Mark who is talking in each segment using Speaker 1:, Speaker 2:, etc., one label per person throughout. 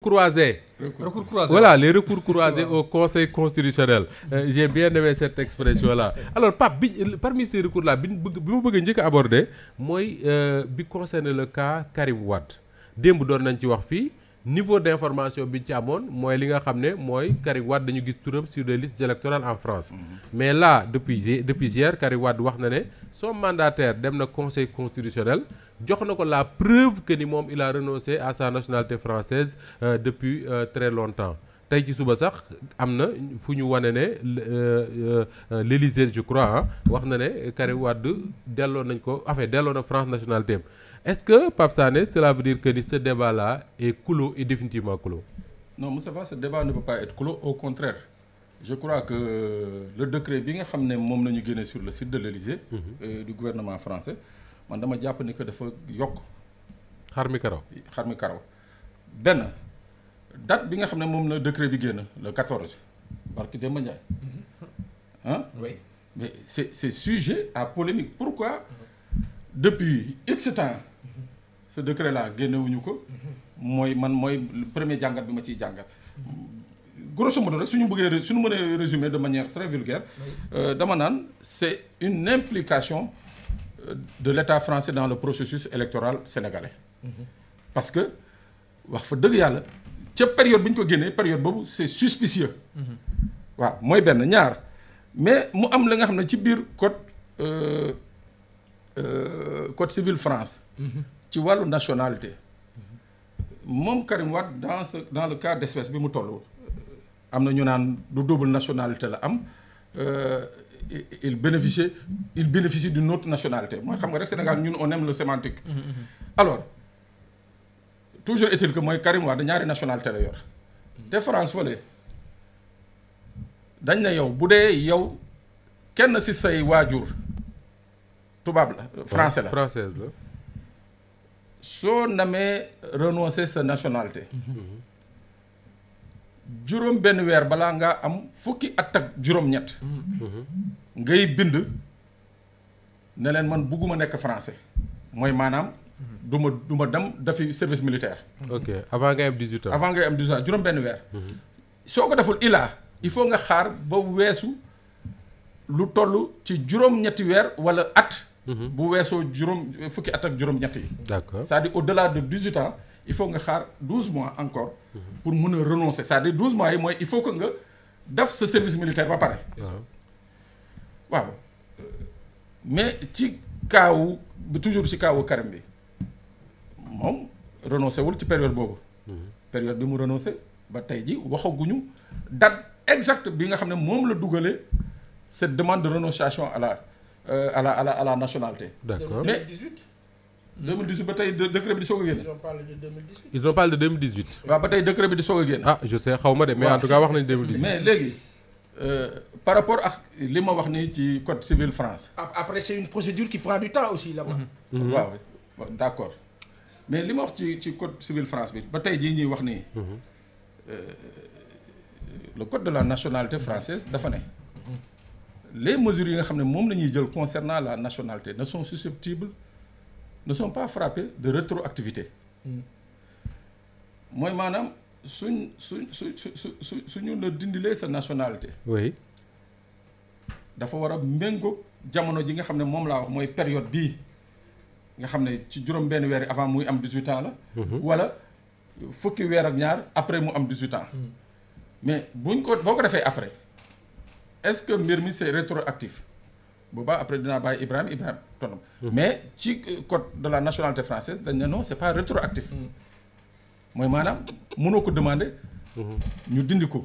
Speaker 1: croisés.
Speaker 2: recours croisés voilà
Speaker 1: les recours croisés au conseil constitutionnel. Euh, j'ai bien aimé cette expression là alors Pape bi euh, parmi ces recours là bi bëgg bi ma bëgg a njëkk a aborder mooy euh, bi concerne le cas Karim Wade démb doon nañ ci wax fii. niveau d' information bi ci amoon mooy li nga xam ne mooy Karim Wade dañu gis turam sur les listes électorales en France. Mhm. mais là depuis depuis hier Karim Wade wax na ne son mandataire dem na conseil constitutionnel jox na ko la preuve que ni moom il a renoncé à sa nationalité française euh, depuis euh, très longtemps. tey ci suba sax am na fu ñu wane ne euh, l'Élysée je crois wax na ne Karim Wade delloo nañ ko en fait delloo na France nationalité am est-ce que Pape Sané cela veut dire que ni ce débat-là est clos et définitivement clos
Speaker 3: non Moustapha ce débat ne peut pas être au contraire je crois que le décret bi nga xam ne moom la ñu génne sur le site de l'Élysée mm -hmm. euh, du gouvernement français man dama jàpp ni que dafa yokk xar mi karaw xar mi karaw benn date bi nga xam ne moom la décret bi génn le 14 barki Demba Ndiaye ah oui mais c'est c'est sujet à polémique pourquoi depuis X temps ce décret là génnewuñu ko mooy man mooy premier jàngat bi ma ciy jàngat grosso modo rek suñu bëggee suñu mënee résumer de manière très vulgaire euh, dama naan c'est une implication euh, de l'État français dans le processus électoral sénégalais parce que wax fa dëgg yàlla ca période bi ñu ko génnee période boobu c'est suspicieux waaw mooy benn ñaar mais mu am la nga xam ne ci biir code euh, code civil France ci wàllu nationalité moom Karim dans ce dans le cas d'espèce bi mu toll am na ñu naan du double nationalité la am euh, il bénéficie il bénéficie d'une not nationalité mooy xam nga rek Sénégal ñun on aime le sémantique mm-hmm, mm-hmm. alors toujours est-il mooy Karim Wade ñaari nationalité la yor mm-hmm. te France fële dañ na yow bu dee yow kenn si say waajur tubaab la français la française la soo namee renoncer sa nationalité juróom benn weer balaa ngaa am fukki at ak juróom-ñett ngay bind ne leen man bugguma nekk français mooy maanaam du ma du dem dafi service militaire
Speaker 1: avant ngay am 18 avant
Speaker 3: ngay am 18 ans juróom benn weer mhm. soo ko deful ilaa il faut nga xaar ba weesu lu toll ci juróom-ñetti weer walla at Mhm. bu weesoo juróom fukki at ak juróom-ñett yi. d'accord cest au delà de 18 ans il faut nga xaar 12 mois encore. Mhm. pour mun a renoncer c'est-à-dire mois yi mooy il faut que nga def sa service militaire ba pare. waaw mais ci kaawu toujours ci kaawu Karim bi moom renoncé wul ci période boobu. Mhm. période bi mu renoncé ba tey ji waxaguñu date exacte bi nga xam ne moom la dugalee cette demande de renonciation à Euh, à la à la à la nationalité. d'accord mais 2018. 2018 ba tey décret bi di soog a génn.
Speaker 1: ils ont parlé de ba tey décret bi di soog a génn. ah je sais xaw ma de mais en tout cas wax nañ 2018. mais
Speaker 3: léegi euh, par rapport ak li ma wax nii ci code civil France. après c'est une procédure qui prend du temps aussi la bas mhm. mhm. waaw d'accord mais li ma wax ci ci code civil France bi ba tey jii ñuy wax nii. Mhm. Euh, le code de la nationalité française dafa ne. les mesures yi nga xam ne moom la ñuy jël concernant la nationalité ne sont susceptibles ne sont pas frappées de rétroactivité mm. mooy maanaam suñ suñ su su su suñu la sa nationalité dafa war a méngóog jamono ji nga xam ne moom laa wax mooy période bii nga xam ne ci juróom benn weer yi avant muy am 18 ans la mm-hmm. wala fukki weer ak ñaar après mu am 18 mm. mais buñ ko boo ko defee après est-ce que mbir mi c'est rétroactif boobaa après dinaa bàyyi ibrahim Ibrahima tonam mm-hmm. mais ci code de la nationalité française dañ ne non c'est pas rétroactif mm-hmm. mooy maanaam mënoo ko demander mm-hmm. ñu dindi ko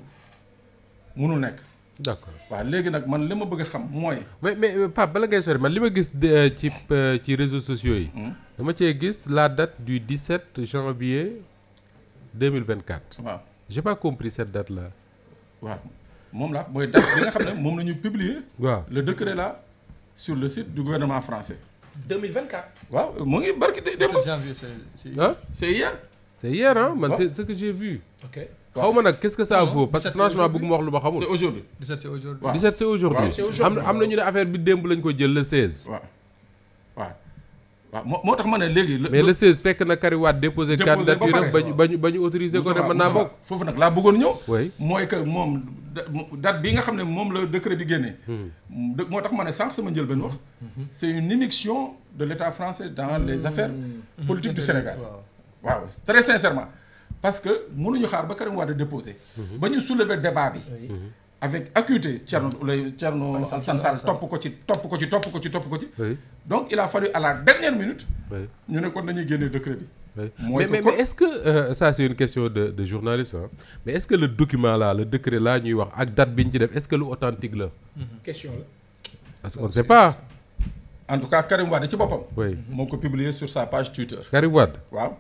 Speaker 3: mënul nekk d'accord waaw léegi nag man li ma bëgg a xam mooy
Speaker 1: mais mais euh, Pape bala ngay sori man li ma gis euh, ci euh, ci réseaux sociaux yi dama cee gis la date du 17 janvier 2024 waaw j'ai pas compris cette date là waaw moom la mooy date bi nga xam ne moom la ñu publier. waaw
Speaker 3: le décret là sur le site du gouvernement français. 2024. waaw mu ngi barki
Speaker 2: démb. c'est janvier c'est ah c'est hier. c'est hier man c'est
Speaker 1: ce que j'ai vu. ok xaw ma nag quest que ça vaut parce que franchement bëgg ma wax lu ma xamul. c'est aujourd'hui 17 c'est c'est aujourd'hui. am na am na ñu ne affaire bi démb lañ ko jël le 16. waaw. waaw moo tax ma ne léegi. mais le 16 fekk na Karim Wade déposé. déposé ba pare candidature ba ñu ba ñu autorisé ko ne naa bokk.
Speaker 3: foofu nag laa bëggoon ñëw. mooy que moom date bi nga xam ne moom la décret bi génne hmm. moo tax man ne sànq sama njëlbeen wax. Hmm. c' est une immixtion de l' état français dans les hmm. affaires politiques du Sénégal. waaw très sincèrement parce que mënuñu xaar ba Karim Wade déposé. ba ñu soulever débat bi. avec acuité Thierno Ouleye Thierno Alassane Sall topp ko ci topp ko ci topp ko ci topp ko ci. donc il a fallu à la minute. ñu ne kon nañuy génne décret bi. mooy mais mais est-ce que
Speaker 1: euh, ça c'est une de de journaliste hein? mais est-ce que le document là le décret ñuy wax ak date bi ñu ci def est-ce lu authentique la.
Speaker 4: Mm-hmm. question la.
Speaker 1: parce qu'on ne pas. en tout cas Karim
Speaker 3: ci boppam. oui moo ko publier sur sa page Twitter. Karim
Speaker 4: Wade
Speaker 1: waaw.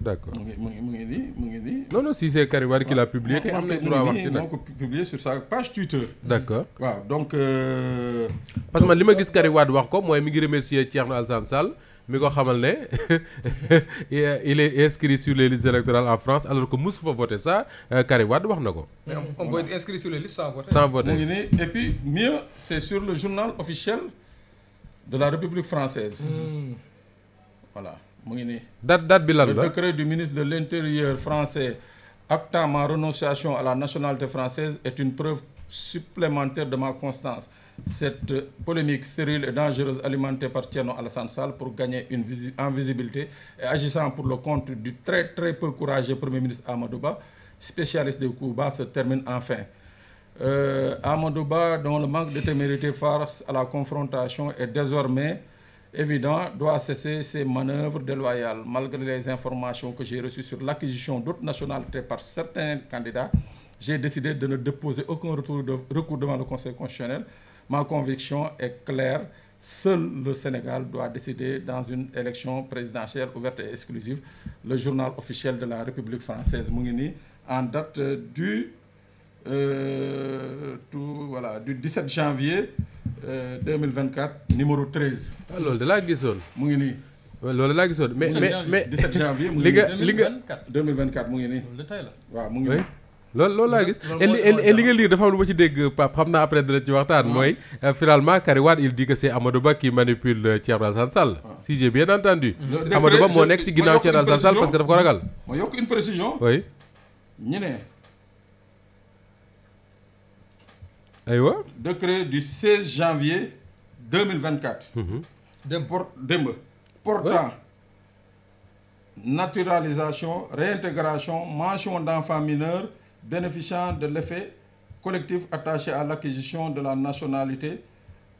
Speaker 1: d'accord mu ngi mu ngi mu ngi nii mu ngi nii. non non si c'est Kariwari qui l'a publié. te am na droit wax ci nag moo ko publié sur sa page Twitter. d'accord euh, parce que man li ma gis Kariwari wax ko mooy mi ngi remercier Thierno Alassane sal mi ko xamal ne il est inscrit sur les listes électorales en France alors ko mosu fa voté ça euh, Kariwari wax na ko.
Speaker 2: mais on peut être inscrit sur les listes sans voter. sans voter mu ngi nii et
Speaker 3: puis mieux c'est sur le journal officiel de la République française. Hmm. mu ngi nii. date date bi lan la ministre de l' intérieur français actant ma renonciation à la nationalité française est une preuve supplémentaire de ma constance. Cette polémique stérile et dangereuse alimentée par Thierno Alassane Sall pour gagner une visi en visibilité et agissant pour le compte du très très peu courageux Premier ministre Amadou Ba, spécialiste des coups bas, se termine enfin. Euh, Amadou Ba, dont le manque de témérité face à la confrontation est désormais évident doit cesser ses manœuvres déloyales malgré les informations que j'ai reçues sur l'acquisition d'autres nationalités par certains candidats j'ai décidé de ne déposer aucun retour de recours devant le Conseil constitutionnel ma le Sénégal doit décider dans une élection présidentielle ouverte et le journal officiel de la République française mu ngi nii en date du euh, tout voilà du 17 janvier 2024 euh, numéro 13. ah loolu da mu ngi nii.
Speaker 1: loolu laa gisoon mais mais mais 17
Speaker 3: janvier li nga la waaw
Speaker 1: mu ngi nii. loolu li nga lire dafa am lu ma ci dégg Pape xam naa après dina ci waxtaan mooy euh, finalement Karim il dit que c' Ba qui manipule euh, Thierno Alassane Sall. si j'ai bien entendu. Amadou Ba moo nekk ci ginnaaw Thierno Alassane Sall parce que dafa ko ragal.
Speaker 3: ma yokk une précision. oui aywa décret du 16 janvier 2024. Mhm. de por démb portant naturalisation réintégration mention d'enfants mineurs bénéficiant de l'effet collectif attaché à l'acquisition de la nationalité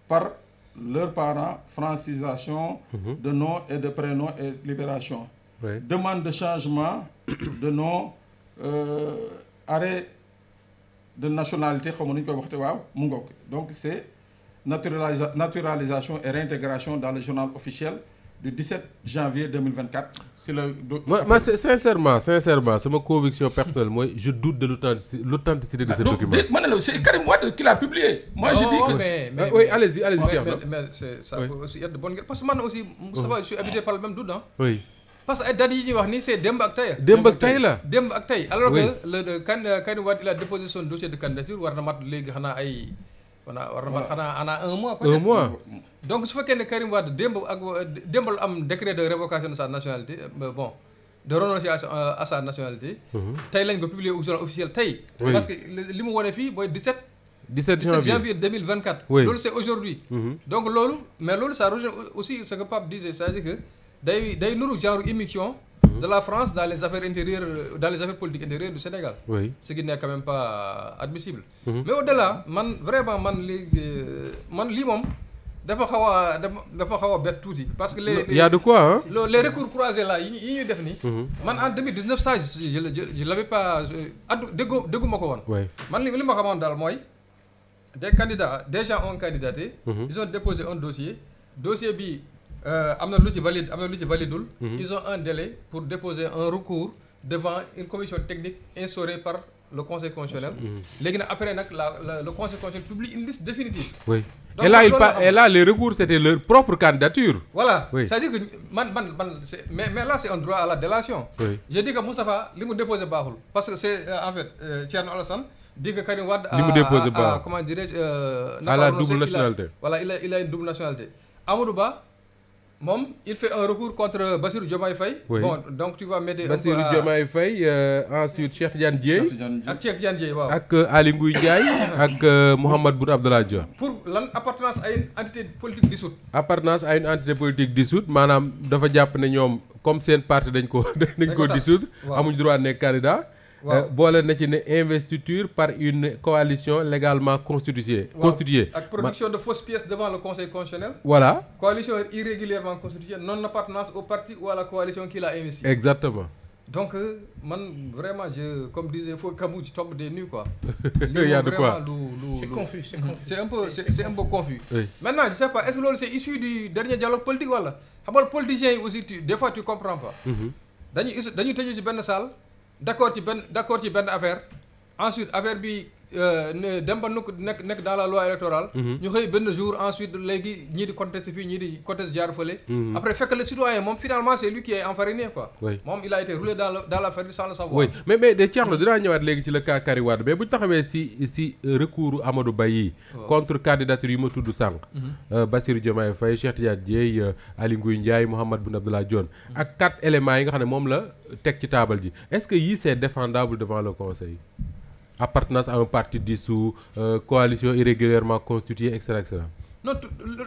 Speaker 3: par leurs parents francisation mhm. de nom et de prénom et libération demande de changement de nom euh, arrêt de nationalité xaw ma nu ñu koy waxte waaw mu ngoog donc c' est naturalisa naturalisation et réintégration dans le journal officiel du 17 janvier 2024 si la. ma ma
Speaker 1: sincèrement sincèrement sama conviction personnelle je doute de l'authenticité de ah, ce document. ma
Speaker 3: c'est Karim Wade publié. moi
Speaker 2: je dis que mais mais oui mais mais ça peut de bonne guerre parce que man aussi. ça je suis habité oh. par le même doute ah. parce que ay dates yi ñuy wax ni c'est démb ak tey. démb ak tey alors que le kan kan Wade de candidature war na mat léegi xanaa ay. war na mat xanaa un mois. un mois. donc su fekkee ne Karim Wade démb ak démb am décret de révocation de sa nationalité bon de renonciation euh, à sa nationalité. Mhm. tey lañ ko publier au journal parce que li mu wone fii mooy 17. 17 janvier 17 janvier 2024. oui loolu c'est mhm. loolu mais aussi ce que Pape disait c'est-à-dire day day nuru genre émission mhm. de la France dans les affaires intérieures dans les affaires politiques intérieures du Sénégal. Oui. ce qui n'est quand même pas admissible. Mhm. mais au-delà man vraiment man li euh, man lii moom dafa xaw a dafa dafa xaw a bett tuuti. parce que les les y a de quoi hein? les recours croisés là yi ñuy def nii. Mhm. man en 2019 ça je je la je l'avais pas ko woon. man li li ma xamoon daal mooy des candidats des on ont candidaté. Mm un dossier dossier bi. Euh, am na lu ci valide am na lu ci validul mhm. ils ont un délai pour déposer un recours devant une commission technique instaurée par le conseil constitutionnel. Mhm. léegi nag après nag la la le conseil constitutionnel publie une liste définitive. oui donc, et là il pa et là
Speaker 1: les recours c'était leur propre candidature.
Speaker 2: voilà cest dire que man man man c'est mais mais là c'est un droit à la délation. oui je dis li mu déposé baaxul. parce que c'est euh, en fait euh, Thierno Alassane dit que Karim Wade. comment dirais-je. Euh, à la double nationalité. voilà il a a moom il fait un recours contre Bassirou Diomaye Faye. fay bon donc tu vas m'aider. Bassirou Diomaye Faye euh, ensuite Cheikh Tidiane Dièye. ak Cheikh Tidiane Dièye waaw.
Speaker 1: ak euh, Aly Ngouille Ndiaye ak euh, Mouhamed Boun Abdallah Dionne.
Speaker 2: pour lan appartenance à une entité politique dissoute.
Speaker 1: appartenance à une entité politique dissoute maanaam dafa jàpp ne ñoom comme seen parti dañ ko dañ ko dissoudre. amuñ droit nekk candidat. Euh, boole na ci ne investiture par une coalition légalement constituée. waaw ak production
Speaker 2: de fausses pièces devant le conseil constitutionnel. voilà coalition irrégulièrement constituée non appartenance au parti ou à la coalition qui l'a exactement. donc euh, man vraiment je comme disait faut Camus je tombe des nues quoi. il y a de quoi lu c'est confus c'est mm. confus c'est un peu c'est, je sais pas est loolu c'est issu du dernier dialogue politique wala xam nga politiciens yi aussi tu des fois tu comprends pas. Mm-hmm. dañuy dañuy tëju ci benn salle. d' accord ci benn d' accord ci benn affaire ensuite affaire bi Euh, ne dem ba nekk nekk nekk dans la loi électorale. Mhm. ñu xëy benn jour ensuite léegi ñii di conteste fii ñii di conteste jaar fële. Mhm. après fekk le citoyen moom finalement c' est lui qui est envariné quoi. oui moom il a été roulé dans la dans la farine sans le savoir.
Speaker 1: oui de Thierno dinaa ñëwaat léegi ci le cas Karim bu taxawee si si euh, recours Amadou bay yi. contre candidature yu ma tudd sànq. Mhm. Euh, Bassirou Diomaye Faye Cheikh Tidiane Dièye Aly Ngouille Ndiaye Mouhamed Boun Abdallah ak quatre éléments yi nga xam ne moom la teg ci taabal ji est ce que yii c' est défendable devant le appartenance à un parti dissous euh, coalition irrégulièrement constituée et cetera et cetera
Speaker 2: non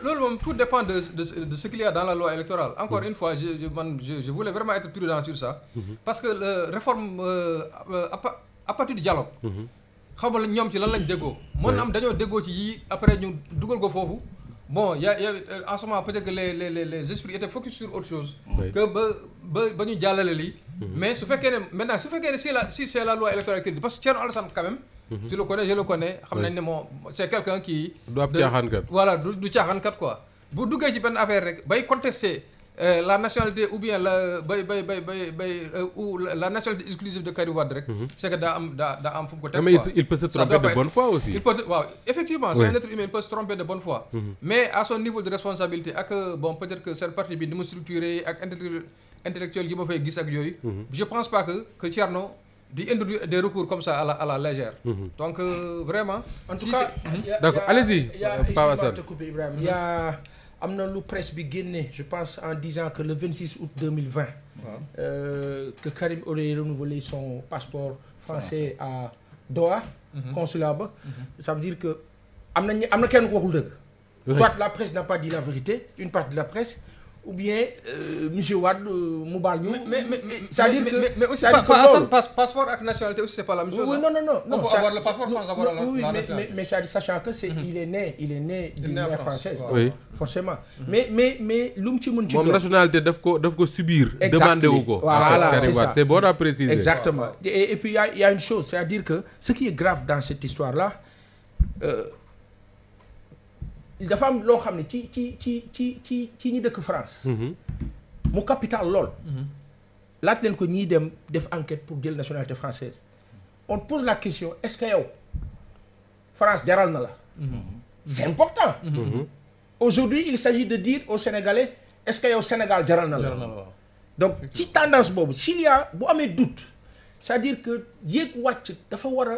Speaker 2: loolu moom tout dépend de de de dans la loi électorale encore mmh. fois je je man je, je voulais vraiment être prudent sur ça mmh. parce que la euh, réforme euh, euh à partir du dialogue mm-hmm. xam nga ñoom ci lan lañ déggoo mën am dañoo déggoo ci yii après ñu dugal ko foofu bon ya a y' a euh, en ce moment peut être que les les les les esprits étaient focus sur autre chose. que ba ba ba ñu jàllale lii. Mhm. mais su fekkee ne maintenant su fekkee ne si la si c' est la loi électorale qui parce que Thierno Alassane quand même. Mhm. tu le connais je le connais. xam nañ ne moom c' est quelqu' un qui. du ab caaxaankat voilà du du caaxaankat quoi. bu duggee ci benn affaire rek bay contester. Euh, la nationalité bien la bay bay bay bay bay euh, ou la nationalité exclusive de Karim Wade rek. Mhm. c'est que daa am daa daa am fu ko teg mais il peut se de bonne foi aussi. waaw effectivement. c'est un être humain il peut se de bonne foi. Mhm. mais à son niveau de responsabilité ak euh, bon peut-être que seen parti bi ni mu ak intellectuel yi ma fay gis ak yooyu. Mhm. je pense pas que que Thierno. di introduire des recours comme ça à la à la légère. donc vraiment. en tout cas allez-y.
Speaker 4: Paa Assane y a am na lu presse bi génne je pense en disant que le 26 août 2020. waaw euh, que Karim aurait renouvelé son passeport français à Doha. Mm -hmm. consulat ba. Mm -hmm. ça veut dire que am na am kenn ko waxul dëgg. la presse n'a pas dit la vérité une partie la presse. ou bien euh, monsieur
Speaker 2: Wade euh, mu baal ñu. mais mais mais c'est-à-dire mais mais aussi. passeport ak nationalité aussi c'est pas la même chose. non non non mais
Speaker 4: mais c'est-à-dire que c'est mhm. il est né il né d'une française mhm. mais mais lu mu ci mën ci doon moom
Speaker 1: nationalité daf ko daf ko subir. demandé wu ko. voilà ah, c'est ça c'est bon à préciser. exactement
Speaker 4: et puis y a y a une chose c'est-à-dire que ce qui est grave dans cette histoire là. Euh, dafa am loo xam ne ci ci ci ci ci ci ñi dëkk France. Mm-hmm. mu capital lool. Mm-hmm. laaj leen ko ñiy dem def enquête pour jël nationalité française on pose la question est-ce que yow France jaral na la. Mm-hmm. c'est important. aujourd'hui il s'agit de dire aux Sénégalais est-ce que yow Sénégal jaral na la. donc ci tendance boobu s'il y a bu amee doute c'est-à-dire que yéeg wàcc dafa war a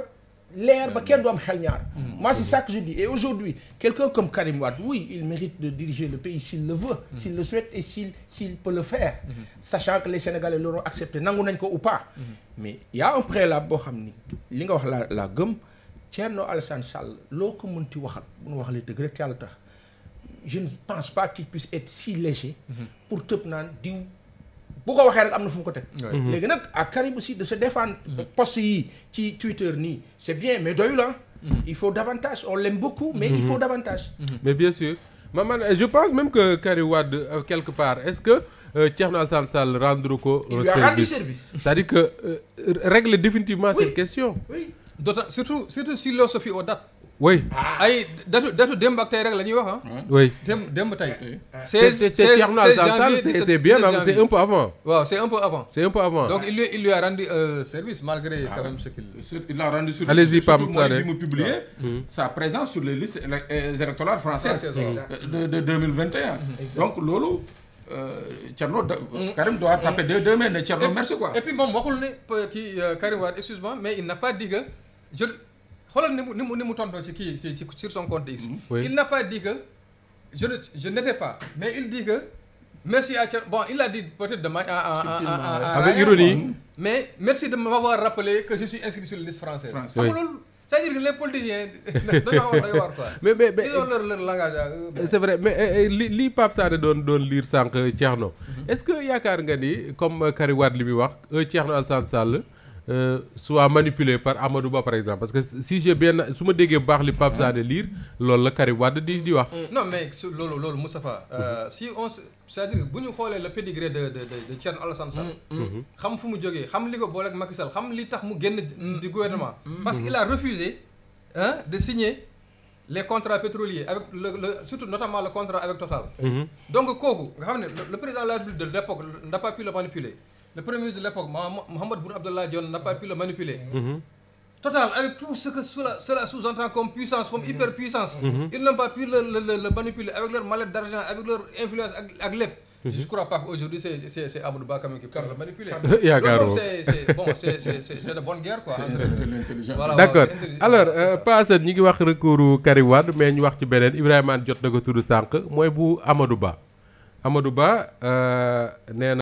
Speaker 4: leer ba kenn du am xel ñaar. Moi, c'est ça que je dis. Et aujourd'hui, quelqu'un comme Karim Wade, oui, il mérite de diriger le pays s'il le veut, mm s'il le souhaite et s'il s'il peut le faire, mm -hmm. les Sénégalais l'auront accepté, nangu nañ ko ou pas. Mm-hmm. Mais il y a un boo xam ni li nga wax la la gëm Thierno Alassane Sall loo ko mun mënti waxal bu nu wax la dëgg rek yàlla tax je ne pense pas qu'il puisse être si léger mm-hmm. pour tëb naan diw boo ko waxee rek am na fu mu ko teg léegi nag à Karim aussi de se défendre ci Twitter nii c'est bien mais doyul la Mm-hmm. il faut davantage on l'aime beaucoup mais il mm-hmm. faut davantage
Speaker 2: mm-hmm.
Speaker 1: mais bien sûr ma man euh, je pense même que Karim Wade euh, quelque part est-ce que euh, Thierno Alassane Sall rendre ko service c'est-à-dire que
Speaker 2: règle définitivement cette question oui surtout surtout sur philosophie aux dates oui ah. ay datu dem démb ak tey la ñuy wax ah. oui démb démb tey. Eh, eh. c'est c'est bien c'est un peu avant. waaw c'est un peu avant. donc il lui a rendu euh, service malgré ah quand même ce qu'il. il l'a rendu service allez mm-hmm. euh,
Speaker 3: euh, de de deux mille vingt et un mm-hmm. donc loolu. Thierno da Karim mm-hmm.
Speaker 2: waxul ne Karim Wade excuse mais il n'a pas dit xoolal ni mu ni mu ni mu tontoo ci kii ci sur son compte X. Mm-hmm. il n'a pas dit que je ne je n'étais pas. mais il dit que merci à Thierno bon il a dit peut-être de ma. avec ironie mais merci de m'avoir rappelé que je suis inscrit sur la liste française. française oui. c'est-à-dire que les politiciens dañoo wax day war quoi. mais mais mais leur leur langage
Speaker 1: c'est vrai mais eh, eh, li li Pape Sané doon doon liir sànq Thierno. Mm-hmm. est-ce que yaakaar nga ni comme Karim Wade li muy wax euh, Thierno Alassane Sall. Euh, soit manipulé par amadu Ba par exemple parce que si j'ai bien su ma déggee bu baax li Pape Sané lire loolu la Karim Wade di di wax.
Speaker 2: non mais su loolu loolu Moustapha. Euh, mhm. si on se c'est-à-dire bu ñu xoolee le pédigré de de de Thierno Alassane Sall. Mhm. Mhm. xam fu mu jógee xam li ko booleeg Macky Sall xam li tax mu génn. di gouvernement. parce qu'il a refusé hein, de signer les contrats pétroliers avec le le surtout notamment le contrat avec Total. donc kooku nga xam ne le président de la le premier ministre de l'époque Mohamed Boun Abdallah Dionne n'a pas pu le mm-hmm. Mm-hmm. Total, avec tout ce que cela, cela sous-entend comme puissance, comme mm-hmm. hyperpuissance, ils n'ont pas pu le, le, le, avec leur mallette d'argent, avec leur influence, avec l'EP. Mm -hmm. pas qu'aujourd'hui, c'est Amadou Ba qui peut le manipuler. c'est bon, de bonne guerre. quoi. Voilà, D'accord.
Speaker 1: Ouais, Alors, euh, pas ça, nous avons recours à Karim Wade, mais nous avons dit Ibrahim Diot de Ba. Euh,